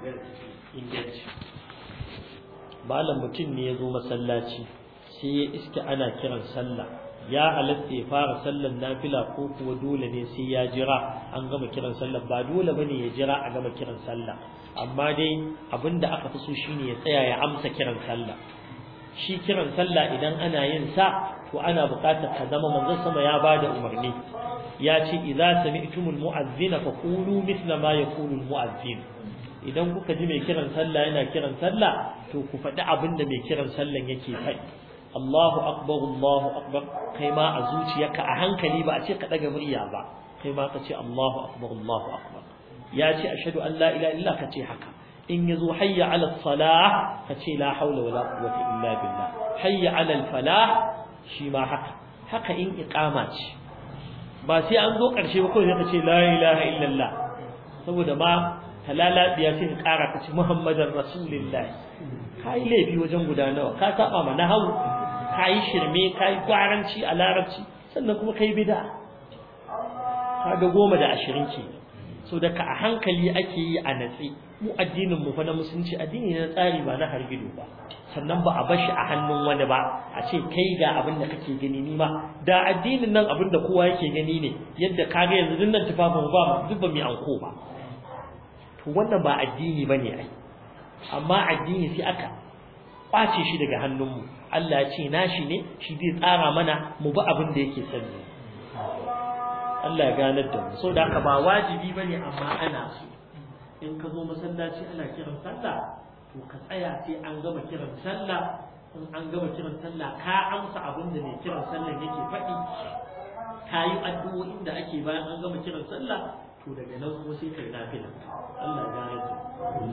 maganar inganci malam mutum ne ya zo masallaci sai ya iska ana kiran sallah ya halatta ya fara sallar nafila ko kuwa dole ne sai ya jira an gama kiran sallah ba dole bane ya jira a gama kiran sallah amma dai abinda aka fi so shine ya tsaya ya amsa kiran sallah shi kiran sallah idan ana yin sa to ana buƙatar ka zama manzon sama ya bada umarni ya ce idza sami'tumul mu'adhdhina faqulu mithla ma yaqulu al mu'adhdhin idan kuka ji mai kiran sallah yana kiran sallah to ku faɗi abin da mai kiran sallah yake faɗi Allahu akbar Allahu akbar kai ma a zuciyarka a hankali ba a ce ka daga murya ba kai ma ka ce Allahu akbar Allahu akbar ya ce ashhadu an la ilaha illa ka ce haka in yazo hayya ala salah ka ce la haula wala quwwata illa billah hayya ala al falah shi ma haka haka in iqama ce ba sai an zo karshe ba kawai ka ce la ilaha illallah saboda ma talala biya sai ka kara ka ci muhammadan rasulullahi kai laifi wajen gudanarwa ka saba ma nahawu kai shirme kai gwaranci a larabci sannan kuma kai bid'a ga goma da ashirin ke so da ka a hankali ake yi a natsi mu addinin mu fa na musulunci addini na tsari ba na hargido ba sannan ba a bar shi a hannun wani ba a ce kai ga abin da kake gani ni ma da addinin nan abin da kowa yake gani ne yadda ka kaga yanzu nan tufafin ba duk ba mai anko ba to wannan ba addini bane ai amma addini sai aka kwace shi daga hannunmu Allah ya ce nashi ne shi zai tsara mana mu bi abin da yake sani Allah ya ganar da mu saboda haka ba wajibi bane amma ana so in ka zo masallaci ana kiran sallah to ka tsaya sai an gama kiran sallah in an gama kiran sallah ka amsa abin da mai kiran sallah yake faɗi ka yi addu'o'in da ake bayan an gama kiran sallah to daga nan kuma sai kai lafiya Allah ya yarda